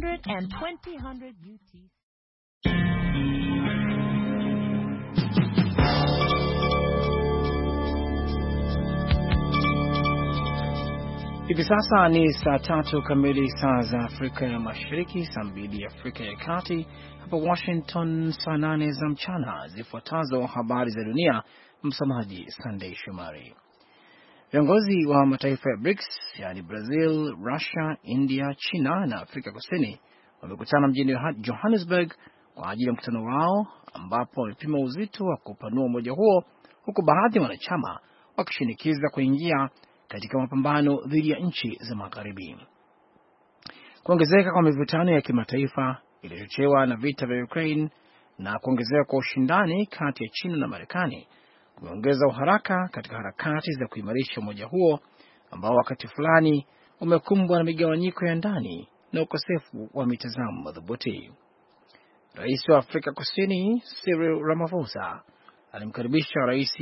1,200 UTC. Hivi sasa ni saa tatu kamili saa za Afrika ya Mashariki, saa mbili Afrika ya Kati, hapa Washington saa nane za mchana. Zifuatazo habari za dunia, msomaji Sandei Shumari. Viongozi wa mataifa ya BRICS yaani Brazil, Russia, India, China na Afrika Kusini wamekutana mjini Johannesburg kwa ajili ya mkutano wao ambapo wamepima uzito wa kupanua umoja huo huku baadhi ya wanachama wakishinikiza kuingia katika mapambano dhidi ya nchi za magharibi. Kuongezeka kwa mivutano ya kimataifa iliyochochewa na vita vya Ukraine na kuongezeka kwa ushindani kati ya China na Marekani umeongeza uharaka katika harakati za kuimarisha umoja huo ambao wakati fulani umekumbwa na migawanyiko ya ndani na ukosefu wa mitazamo madhubuti. Rais wa Afrika Kusini Cyril Ramaphosa alimkaribisha Rais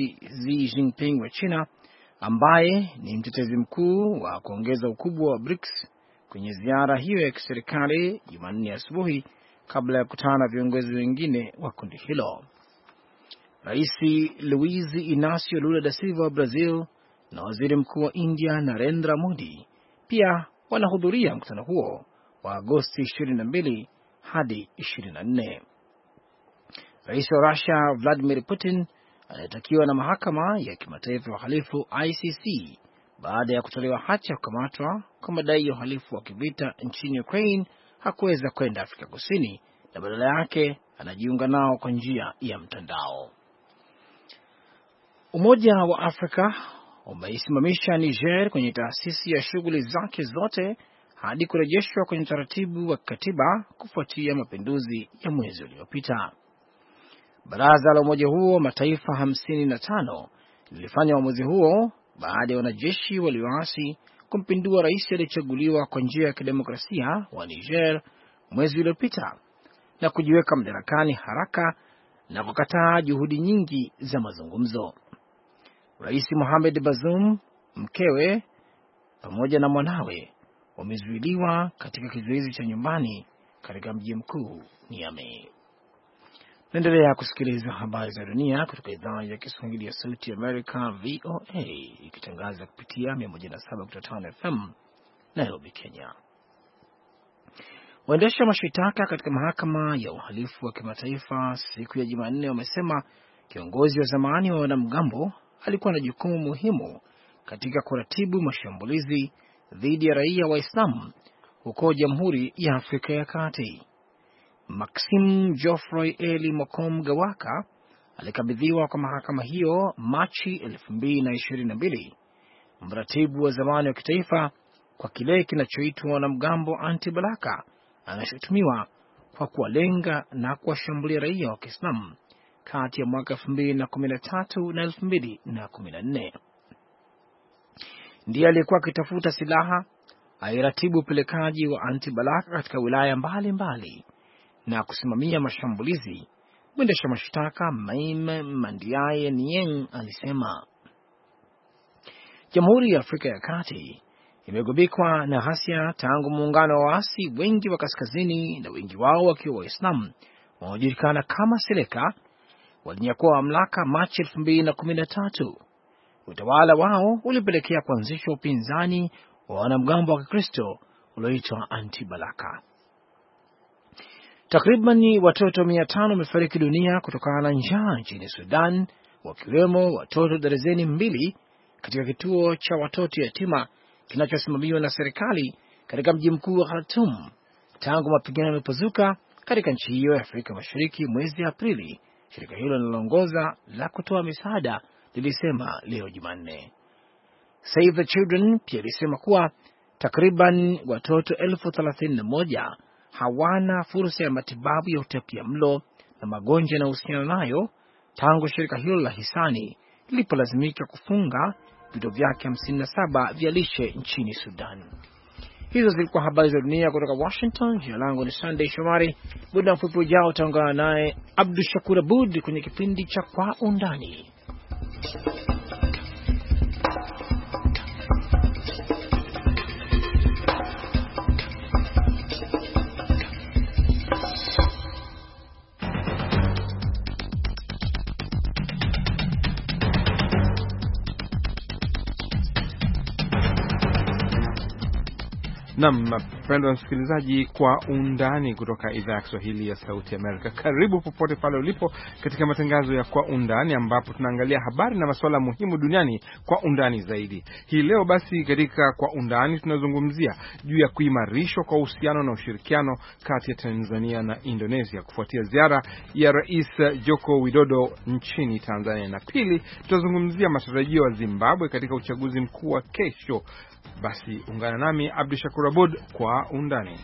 Xi Jinping wa China ambaye ni mtetezi mkuu wa kuongeza ukubwa wa BRICS kwenye ziara hiyo ya kiserikali Jumanne asubuhi kabla ya kukutana na viongozi wengine wa kundi hilo. Rais Luiz Inacio Lula da Silva wa Brazil na waziri mkuu wa India Narendra Modi pia wanahudhuria mkutano huo wa Agosti 22 hadi 24. Rais wa Rusia Vladimir Putin anayetakiwa na mahakama ya kimataifa ya uhalifu ICC baada ya kutolewa hati ya kukamatwa kwa madai ya uhalifu wa kivita nchini Ukraine hakuweza kwenda Afrika Kusini na badala yake anajiunga nao kwa njia ya mtandao. Umoja wa Afrika umeisimamisha Niger kwenye taasisi ya shughuli zake zote hadi kurejeshwa kwenye utaratibu wa kikatiba kufuatia mapinduzi ya mwezi uliopita. Baraza la umoja huo mataifa 55 lilifanya uamuzi huo baada ya wanajeshi walioasi kumpindua rais aliyechaguliwa kwa njia ya kidemokrasia wa Niger mwezi uliopita na kujiweka madarakani haraka na kukataa juhudi nyingi za mazungumzo. Rais Mohamed Bazoum, mkewe pamoja na mwanawe wamezuiliwa katika kizuizi cha nyumbani katika mji mkuu Niamey. Naendelea kusikiliza habari za dunia kutoka idhaa ya Kiswahili ya Sauti Amerika, VOA, ikitangaza kupitia 107.5 FM Nairobi, Kenya. Waendesha mashitaka katika mahakama ya uhalifu wa kimataifa siku ya Jumanne wamesema kiongozi wa zamani wa wanamgambo alikuwa na jukumu muhimu katika kuratibu mashambulizi dhidi ya raia Waislamu huko Jamhuri ya Afrika ya Kati. Maxim Geoffroy Eli Mokom Gawaka alikabidhiwa kwa mahakama hiyo Machi 2022, mratibu wa zamani wa kitaifa kwa kile kinachoitwa wanamgambo anti-balaka anashutumiwa kwa kuwalenga na kuwashambulia raia wa Kiislamu kati ya mwaka elfu mbili na kumi na tatu na elfu mbili na kumi na nne. Ndiye aliyekuwa akitafuta silaha, aliratibu upelekaji wa antibalaka katika wilaya mbalimbali mbali, na kusimamia mashambulizi. Mwendesha mashtaka Maime Mandiaye Nieng alisema Jamhuri ya Afrika ya Kati imegubikwa na ghasia tangu muungano wa waasi wengi wa kaskazini na wengi wao wakiwa Waislamu wanaojulikana kama Seleka walinyakua mamlaka Machi 2013. Utawala wao ulipelekea kuanzishwa upinzani wa wanamgambo wa Kikristo ulioitwa Antibalaka. Takriban watoto mia tano wamefariki dunia kutokana na njaa nchini Sudan, wakiwemo watoto darezeni mbili katika kituo cha watoto yatima kinachosimamiwa na serikali katika mji mkuu wa Khartoum tangu mapigano yamepozuka katika nchi hiyo ya Afrika Mashariki mwezi Aprili shirika hilo linaloongoza la kutoa misaada lilisema leo Jumanne. Save the Children pia ilisema kuwa takriban watoto elfu thelathini na moja hawana fursa ya matibabu ya utapia mlo na magonjwa yanayohusiana nayo tangu shirika hilo la hisani lilipolazimika kufunga vituo vyake 57 vya lishe nchini Sudan. Hizo zilikuwa habari za dunia kutoka Washington. Jina langu ni Sunday Shomari. Muda mfupi ujao utaungana naye Abdu Shakur Abud kwenye kipindi cha Kwa Undani. نعم Mpendwa msikilizaji, kwa undani kutoka idhaa ya Kiswahili ya Sauti Amerika, karibu popote pale ulipo katika matangazo ya kwa undani, ambapo tunaangalia habari na masuala muhimu duniani kwa undani zaidi. Hii leo basi, katika kwa undani tunazungumzia juu ya kuimarishwa kwa uhusiano na ushirikiano kati ya Tanzania na Indonesia kufuatia ziara ya Rais Joko Widodo nchini Tanzania, na pili tutazungumzia matarajio ya Zimbabwe katika uchaguzi mkuu wa kesho. Basi ungana nami Abdu Shakur Abud kwa undane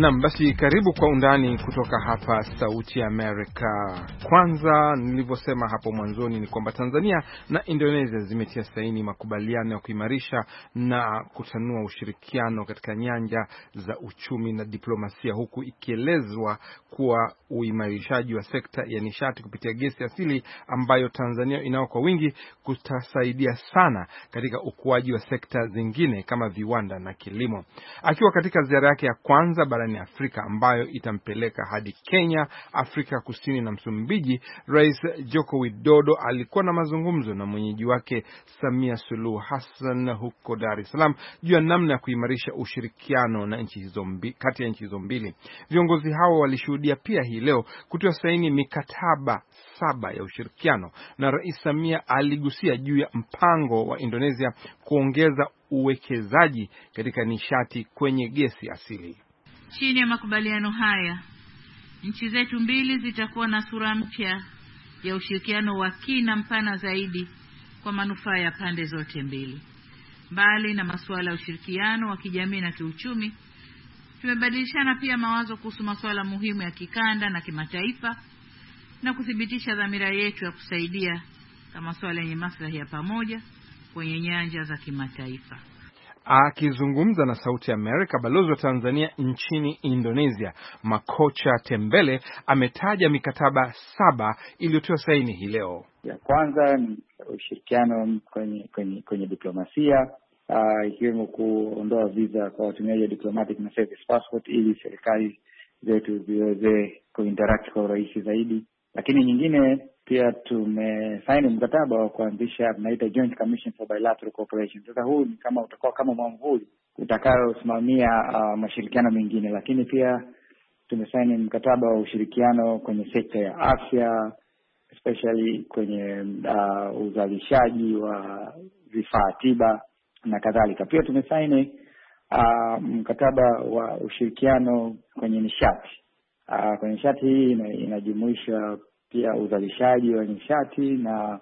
Nam, basi karibu kwa undani kutoka hapa Sauti ya Amerika. Kwanza nilivyosema hapo mwanzoni ni kwamba Tanzania na Indonesia zimetia saini makubaliano ya kuimarisha na kutanua ushirikiano katika nyanja za uchumi na diplomasia, huku ikielezwa kuwa uimarishaji wa sekta ya nishati kupitia gesi asili ambayo Tanzania inao kwa wingi kutasaidia sana katika ukuaji wa sekta zingine kama viwanda na kilimo. Akiwa katika ziara yake ya kwanza barani barani Afrika ambayo itampeleka hadi Kenya, Afrika Kusini na Msumbiji. Rais Joko Widodo alikuwa na mazungumzo na mwenyeji wake Samia Suluhu Hassan huko Dar es Salaam juu ya namna ya kuimarisha ushirikiano na nchi hizo mbili, kati ya nchi hizo mbili. Viongozi hao walishuhudia pia hii leo kutoa saini mikataba saba ya ushirikiano, na Rais Samia aligusia juu ya mpango wa Indonesia kuongeza uwekezaji katika nishati kwenye gesi asili. Chini ya makubaliano haya, nchi zetu mbili zitakuwa na sura mpya ya ushirikiano wa kina mpana zaidi kwa manufaa ya pande zote mbili. Mbali na masuala ya ushirikiano wa kijamii na kiuchumi, tumebadilishana pia mawazo kuhusu masuala muhimu ya kikanda na kimataifa na kuthibitisha dhamira yetu ya kusaidia kwa masuala yenye maslahi ya pamoja kwenye nyanja za kimataifa. Akizungumza na Sauti Amerika, balozi wa Tanzania nchini Indonesia Makocha Tembele ametaja mikataba saba iliyotiwa saini hii leo. Ya kwanza ni ushirikiano kwenye kwenye kwenye diplomasia ah, ikiwemo kuondoa viza kwa watumiaji wa diplomatic na service passport ili serikali zetu ziweze kuinteract kwa urahisi zaidi, lakini nyingine pia tumesaini mkataba wa kuanzisha tunaita Joint Commission for Bilateral Cooperation. Sasa huu ni kama utakuwa kama mwamvuli utakayosimamia uh, mashirikiano mengine, lakini pia tumesaini mkataba wa ushirikiano kwenye sekta ya afya especially kwenye uh, uzalishaji wa vifaa tiba na kadhalika. Pia tumesaini uh, mkataba wa ushirikiano kwenye nishati uh, kwenye nishati hii inajumuisha pia uzalishaji wa nishati na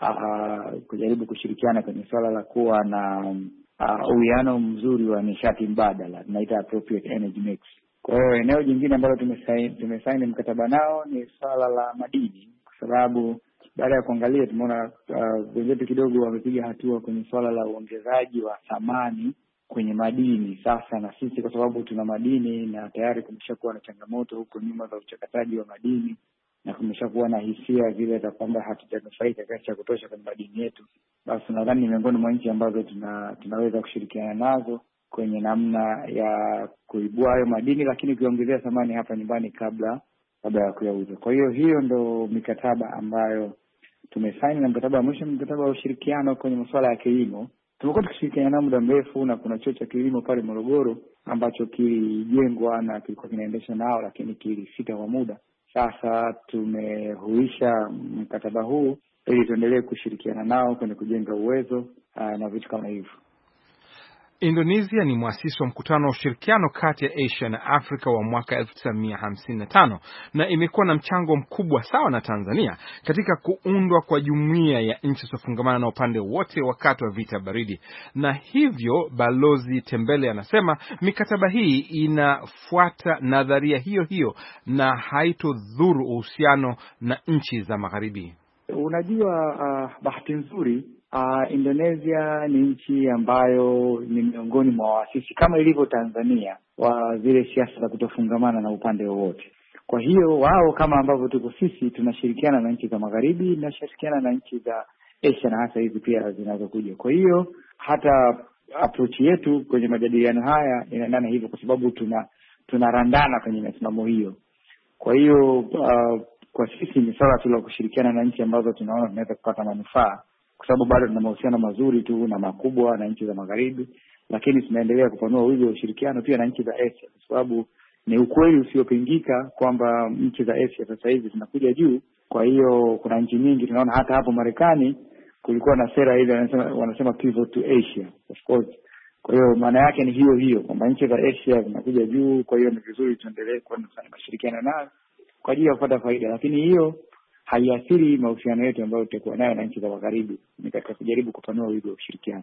uh, kujaribu kushirikiana kwenye suala la kuwa na ah, uwiano mzuri wa nishati mbadala tunaita appropriate energy mix. Kwa hiyo eneo jingine ambalo tumesaini tumesaini mkataba nao ni swala la madini, kwa sababu baada ya kuangalia tumeona ah, wenzetu uh, kidogo wamepiga hatua kwenye suala la uongezaji wa thamani kwenye madini. Sasa na sisi kwa sababu tuna madini na tayari kumesha kuwa na changamoto huko nyuma za uchakataji wa madini, na kumeshakuwa na hisia zile za kwamba hatujanufaika kiasi cha kutosha kwenye madini yetu, basi nadhani ni miongoni mwa nchi ambazo tuna, tunaweza kushirikiana nazo kwenye namna ya kuibua hayo madini, lakini kuyaongezea thamani hapa nyumbani kabla kabla ya kuyauza. Kwa hiyo hiyo ndo mikataba ambayo tumesaini, na mkataba wa mwisho mkataba wa ushirikiano kwenye masuala ya kilimo. Tumekuwa tukishirikiana nao muda mrefu, na kuna chuo cha kilimo pale Morogoro ambacho kilijengwa na kilikuwa kinaendesha nao, lakini kilisita kwa muda sasa tumehuisha mkataba huu ili tuendelee kushirikiana nao kwenye kujenga uwezo ah, na vitu kama hivyo. Indonesia ni mwasisi wa mkutano wa ushirikiano kati ya Asia na Afrika wa mwaka 1955 na imekuwa na mchango mkubwa sawa na Tanzania katika kuundwa kwa jumuiya ya nchi zilizofungamana na upande wote wakati wa vita baridi. Na hivyo Balozi Tembele anasema mikataba hii inafuata nadharia hiyo hiyo na haitodhuru uhusiano na nchi za Magharibi. Unajua, uh, bahati nzuri Uh, Indonesia ni nchi ambayo ni miongoni mwa waasisi kama ilivyo Tanzania wa zile siasa za kutofungamana na upande wowote. Kwa hiyo wao kama ambavyo tuko sisi tunashirikiana na nchi za magharibi, tunashirikiana na nchi za Asia na hasa hizi pia zinazokuja. Kwa hiyo hata approach yetu kwenye majadiliano haya inaendana hivyo, kwa sababu tuna tunarandana kwenye misimamo hiyo. Kwa hiyo uh, kwa sisi ni swala tu la kushirikiana na nchi ambazo tunaona tunaweza kupata manufaa kwa sababu bado tuna mahusiano mazuri tu na makubwa na nchi za magharibi, lakini tunaendelea kupanua wigo wa ushirikiano pia na nchi za Asia, kwa sababu ni ukweli usiopingika kwamba nchi za Asia sasa hivi zinakuja juu. Kwa hiyo kuna nchi nyingi tunaona hata hapo Marekani kulikuwa na sera ile wanasema, wanasema pivot to Asia of course. Kwa hiyo maana yake ni hiyo hiyo kwamba nchi za Asia zinakuja juu, kwa hiyo ni vizuri tuendelee kuwa na mashirikiano nayo kwa ajili ya kupata faida, lakini hiyo haiathiri mahusiano yetu ambayo tutakuwa nayo na nchi za magharibi, ni katika kujaribu kupanua wigo wa ushirikiano.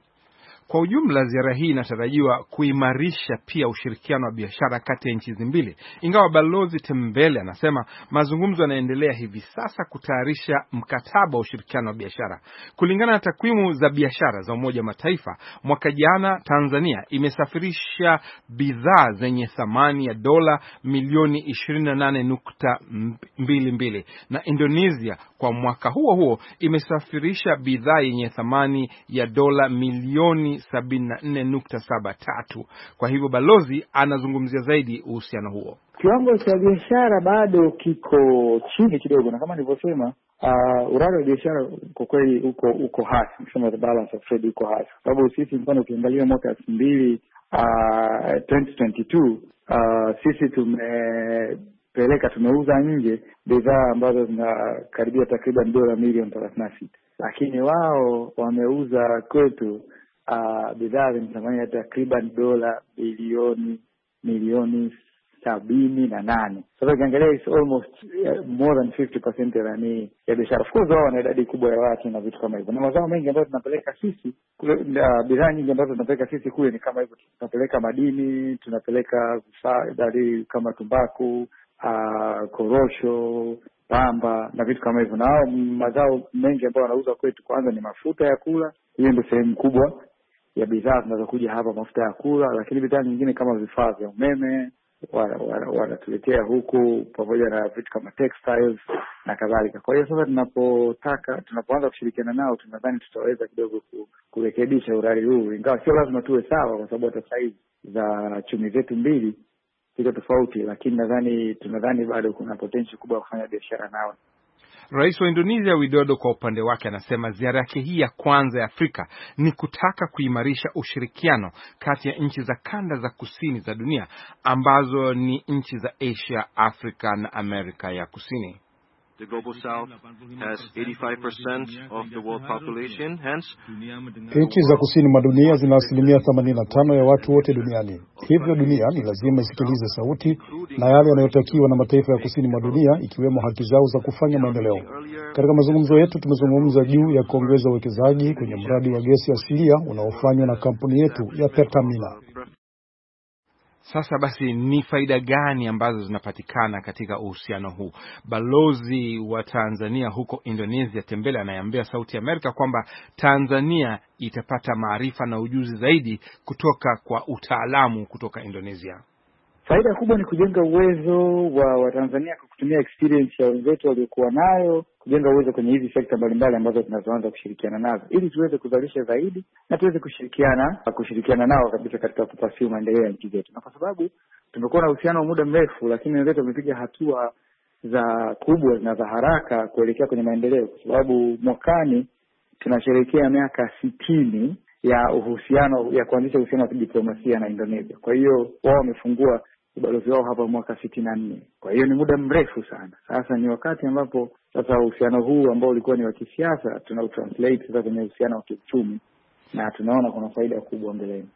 Kwa ujumla, ziara hii inatarajiwa kuimarisha pia ushirikiano wa biashara kati ya nchi hizi mbili, ingawa Balozi Tembele anasema mazungumzo yanaendelea hivi sasa kutayarisha mkataba wa ushirikiano wa biashara. Kulingana na takwimu za biashara za Umoja wa Mataifa, mwaka jana Tanzania imesafirisha bidhaa zenye thamani ya dola milioni 28.22 na Indonesia kwa mwaka huo huo imesafirisha bidhaa yenye thamani ya dola milioni bilioni 74.73. Kwa hivyo balozi anazungumzia zaidi uhusiano huo. Kiwango cha biashara bado kiko chini kidogo, na kama nilivyosema Uh, urari wa biashara kwa kweli uko uko hasi, ukisema the balance of trade uko hasi, sababu sisi mfano ukiangalia mwaka elfu mbili uh, twenty ah, sisi tumepeleka tumeuza nje bidhaa ambazo zinakaribia takriban dola milioni thelathini na sita, lakini wao wameuza kwetu uh, bidhaa zenye thamani ya takriban dola bilioni milioni sabini na nane. Sasa ukiangalia is almost eh, more than 50% ya nani ya biashara. Of course wao wana idadi kubwa ya watu na vitu kama hivyo, na mazao mengi ambayo tunapeleka sisi kule, uh, bidhaa nyingi ambazo tunapeleka sisi kule ni kama hivyo, tunapeleka madini, tunapeleka vifaa kama tumbaku, uh, korosho pamba na vitu kama hivyo, na hao mazao mengi ambayo wanauza kwetu, kwanza ni mafuta ya kula. Hiyo ndio sehemu kubwa ya bidhaa zinazokuja hapa, mafuta ya kula, lakini bidhaa nyingine kama vifaa vya umeme wanatuletea huku, pamoja na vitu kama textiles na kadhalika. Kwa hiyo sasa, tunapotaka tunapoanza kushirikiana nao, tunadhani tutaweza kidogo kurekebisha urari huu, ingawa sio lazima tuwe sawa, kwa sababu hata saizi za chumi zetu mbili ziko tofauti, lakini nadhani tunadhani bado kuna potential kubwa ya kufanya biashara nao. Rais wa Indonesia Widodo kwa upande wake anasema ziara yake hii ya kwanza ya Afrika ni kutaka kuimarisha ushirikiano kati ya nchi za kanda za kusini za dunia ambazo ni nchi za Asia, Afrika na Amerika ya Kusini. The Global South has 85% of the world population, hence... Nchi za kusini mwa dunia zina asilimia 85 ya watu wote duniani. Hivyo dunia ni lazima isikilize sauti na yale yanayotakiwa na mataifa ya kusini mwa dunia, ikiwemo haki zao za kufanya maendeleo. Katika mazungumzo yetu tumezungumza juu ya kuongeza uwekezaji kwenye mradi wa gesi asilia unaofanywa na kampuni yetu ya Pertamina. Sasa basi, ni faida gani ambazo zinapatikana katika uhusiano huu? Balozi wa Tanzania huko Indonesia, Tembele, anayeambia Sauti ya Amerika kwamba Tanzania itapata maarifa na ujuzi zaidi kutoka kwa utaalamu kutoka Indonesia. Faida kubwa ni kujenga uwezo wa Watanzania kwa kutumia experience ya wenzetu waliokuwa nayo, kujenga uwezo kwenye hizi sekta mbalimbali ambazo tunazoanza kushirikiana nazo, ili tuweze kuzalisha zaidi na tuweze kushirikiana kushirikiana nao kabisa katika kupasiu maendeleo ya nchi zetu, na kwa sababu tumekuwa na uhusiano wa muda mrefu, lakini wenzetu wamepiga hatua za kubwa na za haraka kuelekea kwenye maendeleo, kwa sababu mwakani tunasherehekea miaka sitini ya uhusiano ya kuanzisha uhusiano wa kidiplomasia na Indonesia. Kwa hiyo wao wamefungua ubalozi wao hapa mwaka sitini na nne. Kwa hiyo ni muda mrefu sana. Sasa ni wakati ambapo sasa uhusiano huu ambao ulikuwa ni wa kisiasa tunautranslate sasa kwenye uhusiano wa kiuchumi, na tunaona kuna faida kubwa mbeleni.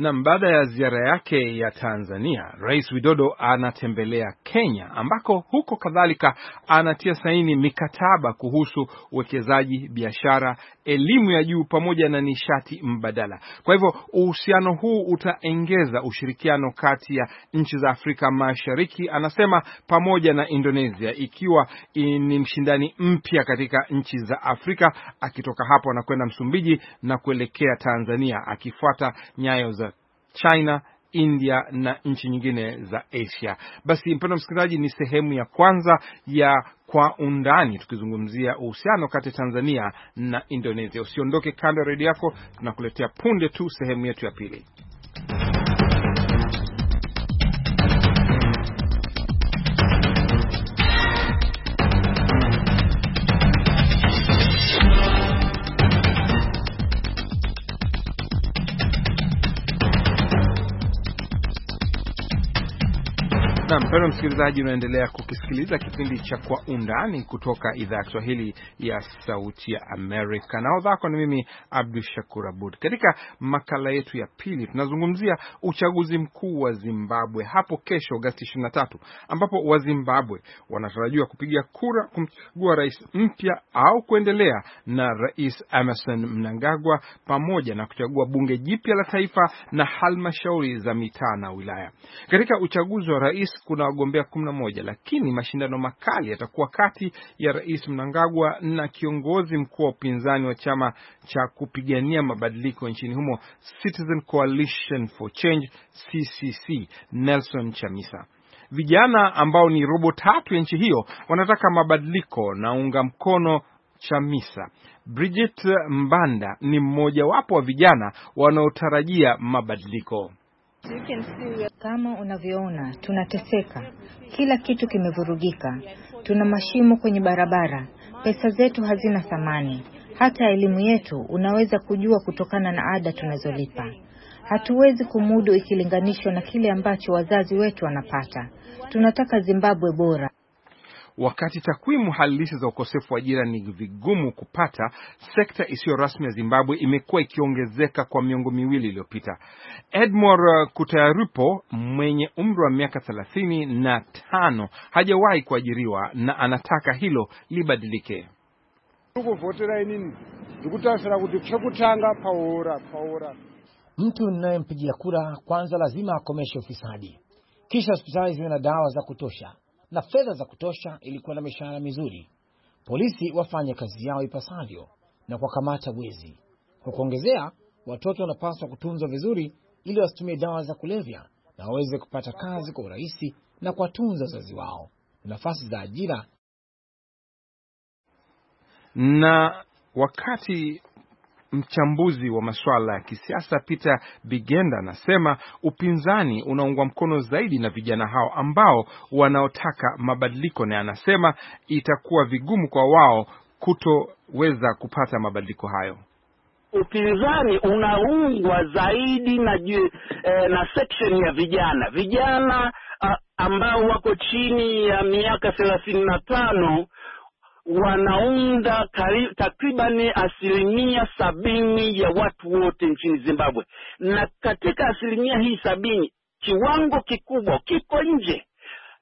Nam, baada ya ziara yake ya Tanzania, Rais Widodo anatembelea Kenya, ambako huko kadhalika anatia saini mikataba kuhusu uwekezaji, biashara, elimu ya juu pamoja na nishati mbadala. Kwa hivyo uhusiano huu utaengeza ushirikiano kati ya nchi za Afrika Mashariki, anasema pamoja na Indonesia, ikiwa ni mshindani mpya katika nchi za Afrika. Akitoka hapo anakwenda Msumbiji na kuelekea Tanzania, akifuata nyayo za China, India na nchi nyingine za Asia. Basi mpendwa msikilizaji, ni sehemu ya kwanza ya kwa undani tukizungumzia uhusiano kati ya Tanzania na Indonesia. Usiondoke kando ya redio yako, tunakuletea punde tu sehemu yetu ya pili. Bado msikilizaji, unaendelea kukisikiliza kipindi cha Kwa Undani kutoka idhaa ya Kiswahili ya Sauti ya Amerika. naodhako ni mimi Abdu Shakur Abud. Katika makala yetu ya pili, tunazungumzia uchaguzi mkuu wa Zimbabwe hapo kesho, Agosti 23, ambapo Wazimbabwe wanatarajiwa kupiga kura kumchagua rais mpya au kuendelea na Rais Emerson Mnangagwa, pamoja na kuchagua bunge jipya la taifa na halmashauri za mitaa na wilaya. Katika uchaguzi wa rais kuna kuna wagombea kumi na moja, lakini mashindano makali yatakuwa kati ya Rais Mnangagwa na kiongozi mkuu wa upinzani wa chama cha kupigania mabadiliko nchini humo Citizen Coalition for Change CCC, Nelson Chamisa. Vijana ambao ni robo tatu ya nchi hiyo wanataka mabadiliko na unga mkono Chamisa. Bridget Mbanda ni mmojawapo wa vijana wanaotarajia mabadiliko. Kama unavyoona, tunateseka, kila kitu kimevurugika, tuna mashimo kwenye barabara, pesa zetu hazina thamani, hata elimu yetu unaweza kujua kutokana na ada tunazolipa. Hatuwezi kumudu ikilinganishwa na kile ambacho wazazi wetu wanapata. Tunataka Zimbabwe bora. Wakati takwimu halisi za ukosefu wa ajira ni vigumu kupata, sekta isiyo rasmi ya Zimbabwe imekuwa ikiongezeka kwa miongo miwili iliyopita. Edmore Kutayarupo mwenye umri wa miaka thelathini na tano hajawahi kuajiriwa na anataka hilo libadilike. Mtu ninayempigia kura kwanza lazima akomeshe ufisadi, kisha hospitali ziwe na dawa za kutosha na fedha za kutosha, ilikuwa na mishahara mizuri. Polisi wafanye kazi yao ipasavyo na kuwakamata wezi. Kwa kuongezea, watoto wanapaswa kutunzwa vizuri ili wasitumie dawa za kulevya na waweze kupata kazi kwa urahisi na kuwatunza wazazi wao. Nafasi za ajira na wakati Mchambuzi wa masuala ya kisiasa Peter Bigenda anasema upinzani unaungwa mkono zaidi na vijana hao ambao wanaotaka mabadiliko, na anasema itakuwa vigumu kwa wao kutoweza kupata mabadiliko hayo. Upinzani unaungwa zaidi na, eh, na section ya vijana vijana, ah, ambao wako chini ya miaka thelathini na tano wanaunda takribani asilimia sabini ya watu wote nchini Zimbabwe, na katika asilimia hii sabini kiwango kikubwa kiko nje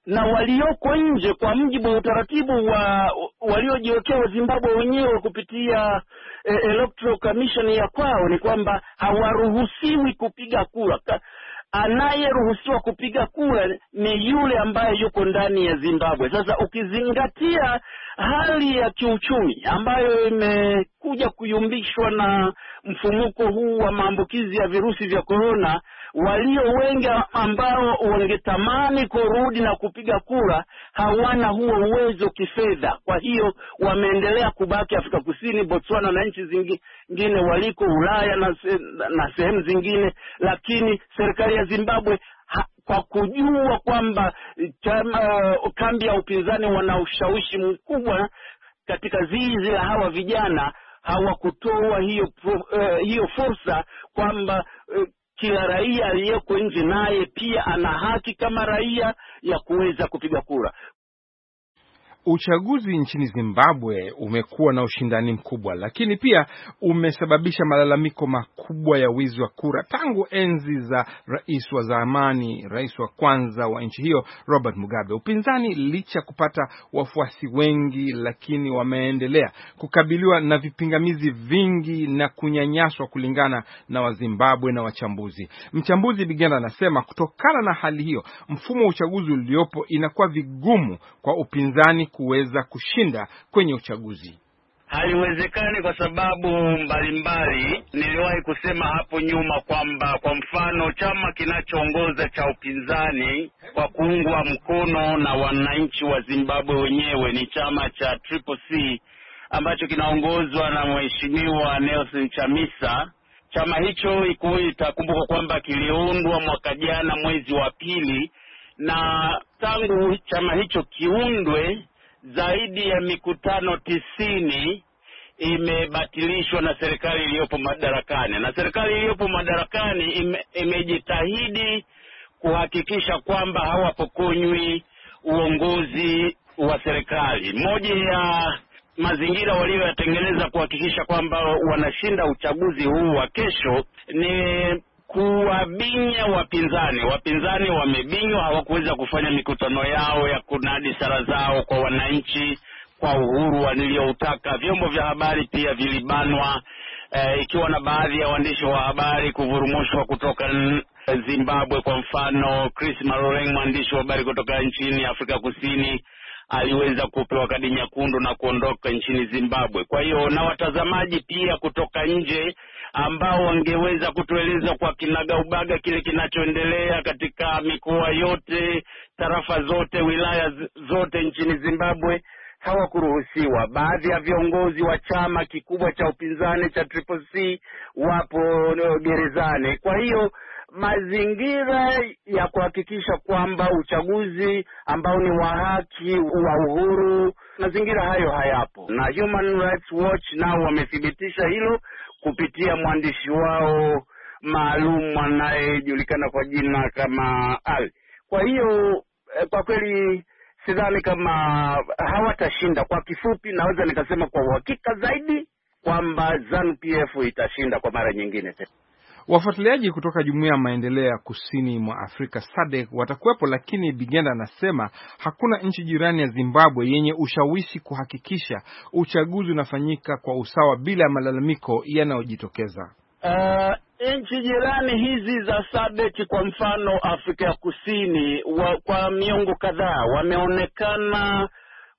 na walioko nje kwa mjibu wa utaratibu wa waliojiwekea Zimbabwe wenyewe kupitia e, Electoral Commission ya kwao ni kwamba hawaruhusiwi kupiga kura. Anayeruhusiwa kupiga kura ni yule ambaye yuko ndani ya Zimbabwe. Sasa ukizingatia hali ya kiuchumi ambayo imekuja kuyumbishwa na mfumuko huu wa maambukizi ya virusi vya korona, walio wengi ambao wangetamani kurudi na kupiga kura hawana huo uwezo kifedha. Kwa hiyo wameendelea kubaki Afrika Kusini, Botswana na nchi zingine waliko Ulaya na, na sehemu zingine, lakini serikali ya Zimbabwe ha, kwa kujua kwamba eh, chama, eh, kambi ya upinzani wana ushawishi mkubwa katika zizi la hawa vijana hawakutoa hiyo, uh, hiyo fursa kwamba uh, kila raia aliyeko nje naye pia ana haki kama raia ya kuweza kupiga kura. Uchaguzi nchini Zimbabwe umekuwa na ushindani mkubwa, lakini pia umesababisha malalamiko makubwa ya wizi wa kura tangu enzi za rais wa zamani, rais wa kwanza wa nchi hiyo Robert Mugabe. Upinzani licha ya kupata wafuasi wengi, lakini wameendelea kukabiliwa na vipingamizi vingi na kunyanyaswa, kulingana na Wazimbabwe na wachambuzi. Mchambuzi Bigenda anasema kutokana na hali hiyo, mfumo wa uchaguzi uliopo inakuwa vigumu kwa upinzani kuweza kushinda kwenye uchaguzi. Haiwezekani kwa sababu mbalimbali. Niliwahi kusema hapo nyuma kwamba kwa mfano chama kinachoongoza cha upinzani kwa kuungwa mkono na wananchi wa Zimbabwe wenyewe ni chama cha Triple C ambacho kinaongozwa na mheshimiwa Nelson Chamisa. Chama hicho itakumbuka kwamba kiliundwa mwaka jana mwezi wa pili, na tangu chama hicho kiundwe zaidi ya mikutano tisini imebatilishwa na serikali iliyopo madarakani, na serikali iliyopo madarakani ime, imejitahidi kuhakikisha kwamba hawapokonywi uongozi wa serikali. Moja ya mazingira waliyoyatengeneza kuhakikisha kwamba wanashinda uchaguzi huu wa kesho ni kuwabinya wapinzani. Wapinzani wamebinywa, hawakuweza kufanya mikutano yao ya kunadi sara zao kwa wananchi kwa uhuru waliyoutaka. Vyombo vya habari pia vilibanwa, e, ikiwa na baadhi ya waandishi wa habari kuvurumushwa kutoka Zimbabwe. Kwa mfano, Chris Maloreng, mwandishi wa habari kutoka nchini Afrika Kusini, aliweza kupewa kadi nyekundu na kuondoka nchini Zimbabwe. Kwa hiyo na watazamaji pia kutoka nje ambao wangeweza kutueleza kwa kinaga ubaga kile kinachoendelea katika mikoa yote, tarafa zote, wilaya zote nchini Zimbabwe hawakuruhusiwa. Baadhi ya viongozi wa chama kikubwa cha upinzani cha Triple C wapo gerezani. Kwa hiyo mazingira ya kuhakikisha kwamba uchaguzi ambao ni wa haki wa uhuru, mazingira hayo hayapo, na Human Rights Watch nao wamethibitisha hilo kupitia mwandishi wao maalum anayejulikana kwa jina kama al Kwa hiyo eh, kwa kweli sidhani kama hawatashinda. Kwa kifupi, naweza nikasema kwa uhakika zaidi kwamba ZANU PF itashinda kwa mara nyingine tena. Wafuatiliaji kutoka jumuiya ya maendeleo ya kusini mwa Afrika SADC watakuwepo, lakini Bigenda anasema hakuna nchi jirani ya Zimbabwe yenye ushawishi kuhakikisha uchaguzi unafanyika kwa usawa bila ya malalamiko yanayojitokeza. Uh, nchi jirani hizi za SADC kwa mfano Afrika ya Kusini wa, kwa miongo kadhaa wameonekana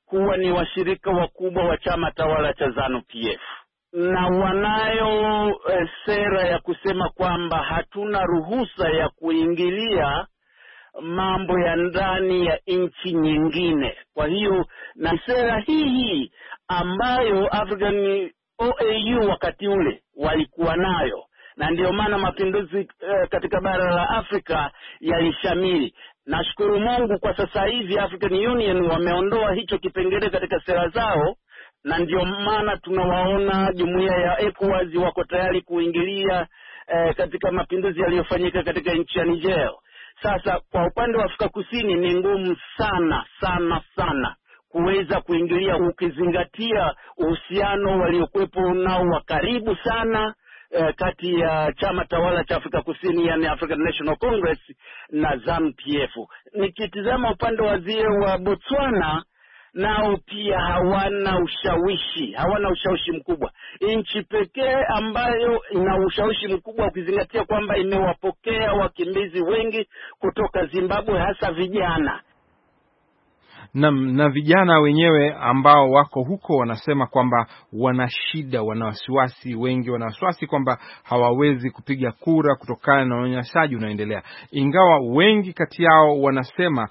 kuwa ni washirika wakubwa wa chama tawala cha ZANU PF na wanayo eh, sera ya kusema kwamba hatuna ruhusa ya kuingilia mambo ya ndani ya nchi nyingine. Kwa hiyo na sera hii hii ambayo African OAU wakati ule walikuwa nayo, na ndiyo maana mapinduzi eh, katika bara la Afrika yalishamiri. Nashukuru Mungu kwa sasa hivi African Union wameondoa hicho kipengele katika sera zao na ndio maana tunawaona jumuiya ya ECOWAS wako tayari kuingilia eh, katika mapinduzi yaliyofanyika katika nchi ya Niger. Sasa kwa upande wa Afrika Kusini ni ngumu sana sana sana kuweza kuingilia, ukizingatia uhusiano waliokuwepo nao wa karibu sana eh, kati ya chama tawala cha Afrika Kusini yani African National Congress na ZANU PF. Nikitizama upande wa zile wa Botswana nao pia hawana ushawishi, hawana ushawishi mkubwa. Nchi pekee ambayo ina ushawishi mkubwa, ukizingatia kwamba imewapokea wakimbizi wengi kutoka Zimbabwe, hasa vijana na, na vijana wenyewe ambao wako huko wanasema kwamba wana shida, wana wasiwasi, wengi wana wasiwasi kwamba hawawezi kupiga kura kutokana na unyanyasaji unaoendelea, ingawa wengi kati yao wanasema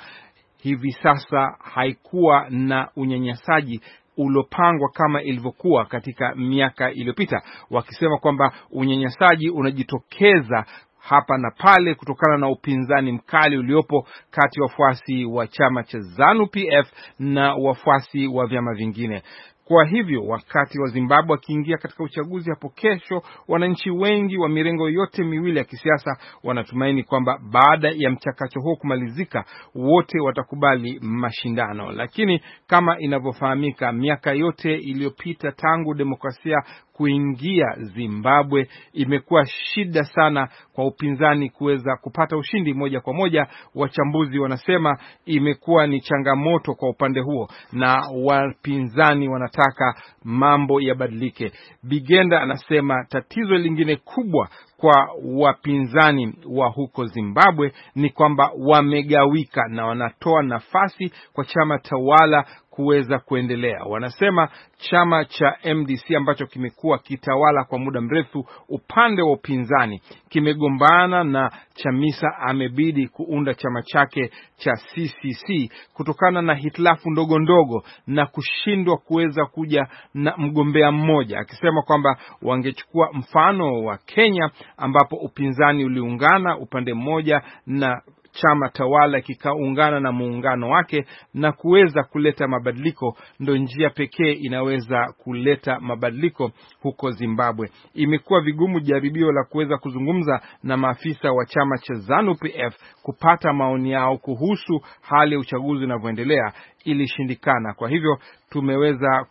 hivi sasa haikuwa na unyanyasaji uliopangwa kama ilivyokuwa katika miaka iliyopita, wakisema kwamba unyanyasaji unajitokeza hapa na pale kutokana na upinzani mkali uliopo kati ya wafuasi wa chama cha Zanu PF na wafuasi wa vyama vingine. Kwa hivyo wakati wa Zimbabwe wakiingia katika uchaguzi hapo kesho, wananchi wengi wa mirengo yote miwili ya kisiasa wanatumaini kwamba baada ya mchakato huo kumalizika, wote watakubali mashindano. Lakini kama inavyofahamika, miaka yote iliyopita tangu demokrasia kuingia Zimbabwe, imekuwa shida sana kwa upinzani kuweza kupata ushindi moja kwa moja. Wachambuzi wanasema imekuwa ni changamoto kwa upande huo, na wapinzani wanataka mambo yabadilike. Bigenda anasema tatizo lingine kubwa kwa wapinzani wa huko Zimbabwe ni kwamba wamegawika na wanatoa nafasi kwa chama tawala kuweza kuendelea. Wanasema chama cha MDC ambacho kimekuwa kitawala kwa muda mrefu upande wa upinzani kimegombana na Chamisa, amebidi kuunda chama chake cha CCC kutokana na hitilafu ndogo ndogo na kushindwa kuweza kuja na mgombea mmoja, akisema kwamba wangechukua mfano wa Kenya ambapo upinzani uliungana upande mmoja na chama tawala kikaungana na muungano wake na kuweza kuleta mabadiliko, ndo njia pekee inaweza kuleta mabadiliko huko Zimbabwe. Imekuwa vigumu jaribio la kuweza kuzungumza na maafisa wa chama cha Zanu PF kupata maoni yao kuhusu hali ya uchaguzi unavyoendelea, ilishindikana. Kwa hivyo tumeweza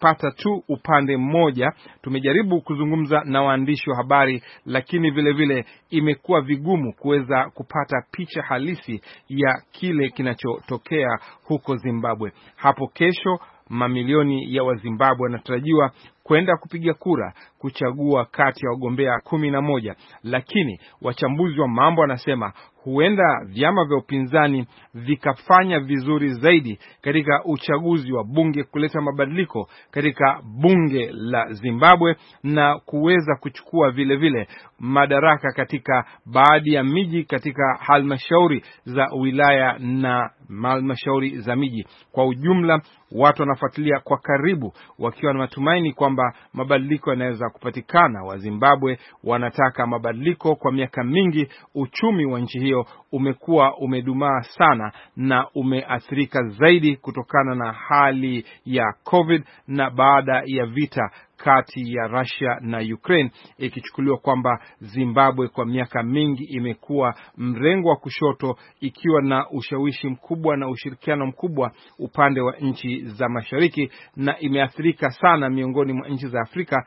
pata tu upande mmoja. Tumejaribu kuzungumza na waandishi wa habari, lakini vilevile vile imekuwa vigumu kuweza kupata picha halisi ya kile kinachotokea huko Zimbabwe. Hapo kesho mamilioni ya Wazimbabwe wanatarajiwa kwenda kupiga kura kuchagua kati ya wagombea kumi na moja, lakini wachambuzi wa mambo wanasema huenda vyama vya upinzani vikafanya vizuri zaidi katika uchaguzi wa bunge kuleta mabadiliko katika bunge la Zimbabwe na kuweza kuchukua vilevile vile madaraka katika baadhi ya miji katika halmashauri za wilaya na halmashauri za miji kwa ujumla. Watu wanafuatilia kwa karibu, wakiwa na matumaini kwamba mabadiliko yanaweza kupatikana. Wazimbabwe wanataka mabadiliko kwa miaka mingi, uchumi wa nchi hiyo hiyo umekuwa umedumaa sana na umeathirika zaidi kutokana na hali ya COVID na baada ya vita kati ya Russia na Ukraine, ikichukuliwa kwamba Zimbabwe kwa miaka mingi imekuwa mrengo wa kushoto, ikiwa na ushawishi mkubwa na ushirikiano mkubwa upande wa nchi za mashariki, na imeathirika sana miongoni mwa nchi za Afrika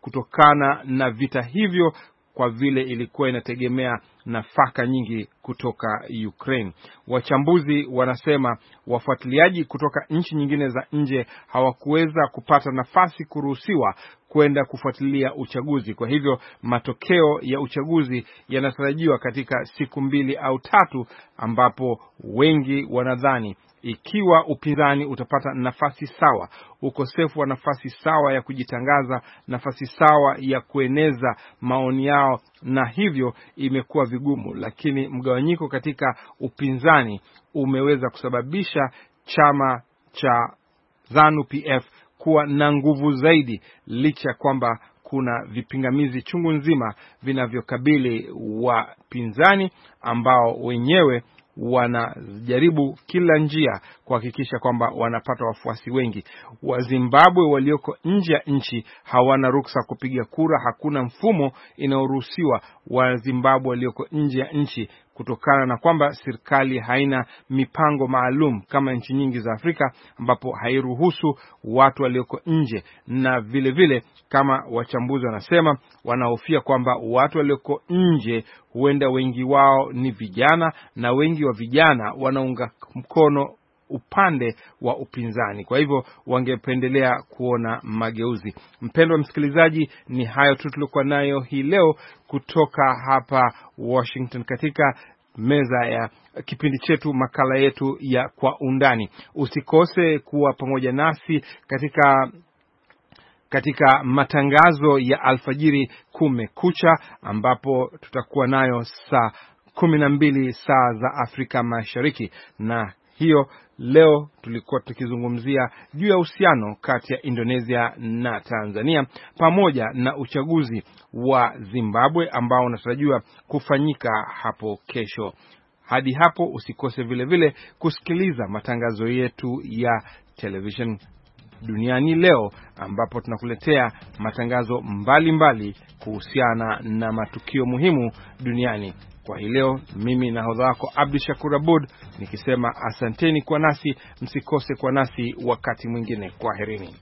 kutokana na vita hivyo kwa vile ilikuwa inategemea nafaka nyingi kutoka Ukraine. Wachambuzi wanasema wafuatiliaji kutoka nchi nyingine za nje hawakuweza kupata nafasi kuruhusiwa kwenda kufuatilia uchaguzi. Kwa hivyo matokeo ya uchaguzi yanatarajiwa katika siku mbili au tatu, ambapo wengi wanadhani ikiwa upinzani utapata nafasi sawa, ukosefu wa nafasi sawa ya kujitangaza, nafasi sawa ya kueneza maoni yao, na hivyo imekuwa vigumu. Lakini mgawanyiko katika upinzani umeweza kusababisha chama cha Zanu PF kuwa na nguvu zaidi licha ya kwamba kuna vipingamizi chungu nzima vinavyokabili wapinzani ambao wenyewe wanajaribu kila njia kuhakikisha kwamba wanapata wafuasi wengi. Wazimbabwe walioko nje ya nchi hawana ruksa kupiga kura, hakuna mfumo inayoruhusiwa Wazimbabwe walioko nje ya nchi kutokana na kwamba serikali haina mipango maalum kama nchi nyingi za Afrika ambapo hairuhusu watu walioko nje, na vilevile vile, kama wachambuzi wanasema, wanahofia kwamba watu walioko nje huenda wengi wao ni vijana na wengi wa vijana wanaunga mkono upande wa upinzani. Kwa hivyo wangependelea kuona mageuzi. Mpendwa msikilizaji, ni hayo tu tuliokuwa nayo hii leo kutoka hapa Washington katika meza ya kipindi chetu, makala yetu ya Kwa Undani. Usikose kuwa pamoja nasi katika katika matangazo ya alfajiri Kumekucha, ambapo tutakuwa nayo saa kumi na mbili saa za Afrika Mashariki na hiyo leo tulikuwa tukizungumzia juu ya uhusiano kati ya Indonesia na Tanzania pamoja na uchaguzi wa Zimbabwe ambao unatarajiwa kufanyika hapo kesho. Hadi hapo usikose vilevile vile kusikiliza matangazo yetu ya television duniani leo, ambapo tunakuletea matangazo mbalimbali kuhusiana na matukio muhimu duniani. Kwa hii leo, mimi nahodha wako Abdu Shakur Abud nikisema asanteni kwa nasi, msikose kwa nasi wakati mwingine. Kwaherini.